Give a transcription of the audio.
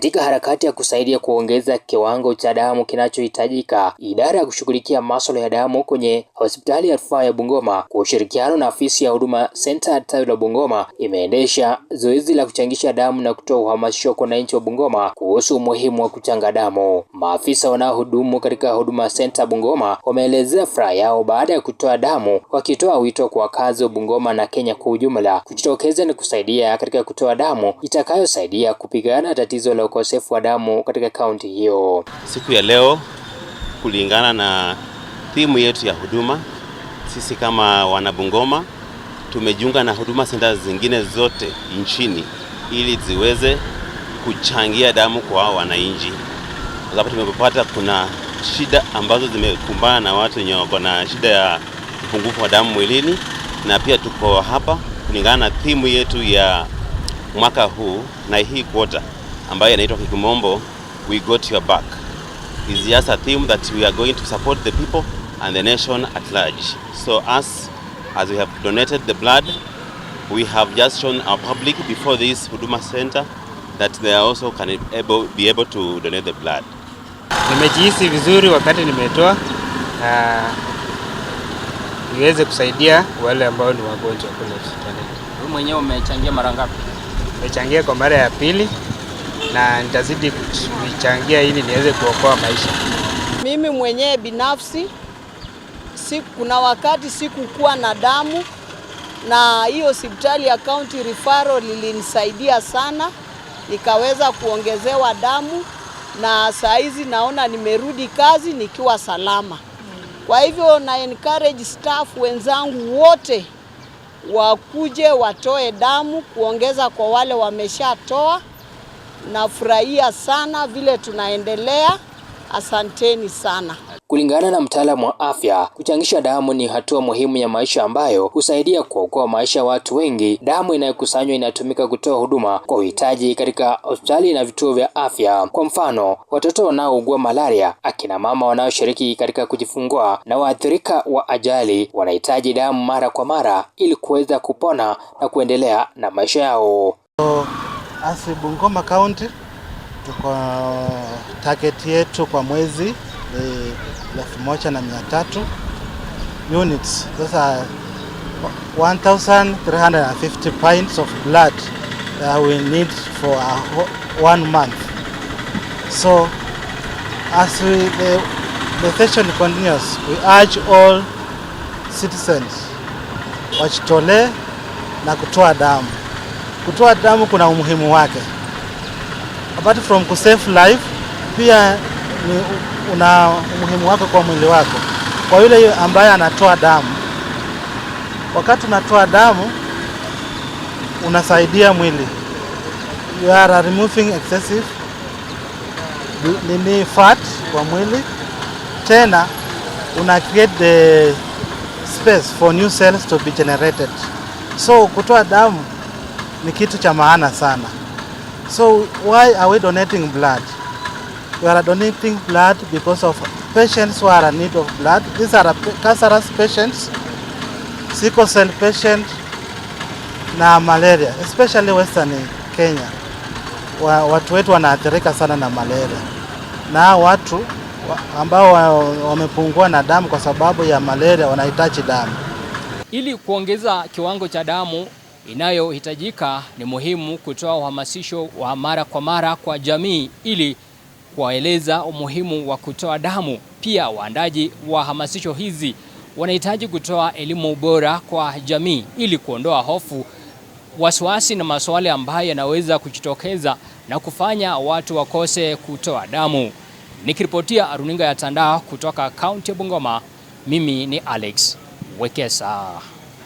Katika harakati ya kusaidia kuongeza kiwango cha damu kinachohitajika, idara ya kushughulikia masuala ya damu kwenye hospitali ya rufaa ya Bungoma kwa ushirikiano na afisi ya huduma senta tawi la Bungoma imeendesha zoezi la kuchangisha damu na kutoa uhamasisho kwa wananchi wa Bungoma kuhusu umuhimu wa kuchanga damu. Maafisa wanaohudumu katika huduma senta Bungoma wameelezea furaha yao baada ya kutoa damu, wakitoa wito kwa wakazi wa Bungoma na Kenya kwa ujumla kujitokeza na kusaidia katika kutoa damu itakayosaidia kupigana tatizo la ukosefu wa damu katika kaunti hiyo. Siku ya leo, kulingana na timu yetu ya huduma, sisi kama wanabungoma tumejiunga na huduma senta zingine zote nchini ili ziweze kuchangia damu kwa wananchi, kwa tumepata kuna shida ambazo zimekumbana na watu wenye wako na shida ya upungufu wa damu mwilini, na pia tuko hapa kulingana na timu yetu ya mwaka huu na hii kwota ambayo inaitwa kikumombo we got your back is just a theme that we are going to support the people and the nation at large so us as we have donated the blood we have just shown our public before this Huduma Center that they also can able, be able to donate the blood. Nimejihisi vizuri wakati nimetoa na niweze kusaidia wale ambao ni wagonjwa kule hospitali Wewe mwenyewe umechangia mara ngapi? umechangia kwa mara ya pili na nitazidi kuichangia ili niweze kuokoa maisha. Mimi mwenyewe binafsi si, kuna wakati sikukuwa na damu na hiyo hospitali ya county referral lilinisaidia sana, nikaweza kuongezewa damu na saa hizi naona nimerudi kazi nikiwa salama. Kwa hivyo na encourage staff wenzangu wote wakuje watoe damu kuongeza kwa wale wameshatoa nafurahia sana vile tunaendelea. Asanteni sana. Kulingana na mtaalamu wa afya, kuchangisha damu ni hatua muhimu ya maisha ambayo husaidia kuokoa maisha ya watu wengi. Damu inayokusanywa inatumika kutoa huduma kwa uhitaji katika hospitali na vituo vya afya. Kwa mfano, watoto wanaougua malaria, akina mama wanaoshiriki katika kujifungua na waathirika wa ajali wanahitaji damu mara kwa mara ili kuweza kupona na kuendelea na maisha yao. Asi Bungoma County tuko target yetu kwa mwezi ni elfu moja na mia tatu units. Sasa 1350 pints of blood that we need for one month. So as we, the, the session continues, we urge all citizens wajitolee na kutoa damu kutoa damu kuna umuhimu wake, apart from ku save life, pia ni una umuhimu wake kwa mwili wako, kwa yule ambaye anatoa damu. Wakati unatoa damu unasaidia mwili, you are removing excessive nini fat kwa mwili, tena una create the space for new cells to be generated. So kutoa damu ni kitu cha maana sana. So why are we donating blood? We are donating blood because of patients who are in need of blood. These are cancerous patients, sickle cell patients na malaria, especially Western Kenya. Wa, watu wetu wanaathirika sana na malaria na watu ambao wamepungua na damu kwa sababu ya malaria wanahitaji damu ili kuongeza kiwango cha damu inayohitajika, ni muhimu kutoa uhamasisho wa mara kwa mara kwa jamii ili kuwaeleza umuhimu wa kutoa damu. Pia waandaji wa hamasisho hizi wanahitaji kutoa elimu bora kwa jamii ili kuondoa hofu, wasiwasi na masuala ambayo yanaweza kujitokeza na kufanya watu wakose kutoa damu. Nikiripotia runinga ya Tandao kutoka kaunti ya Bungoma, mimi ni Alex Wekesa.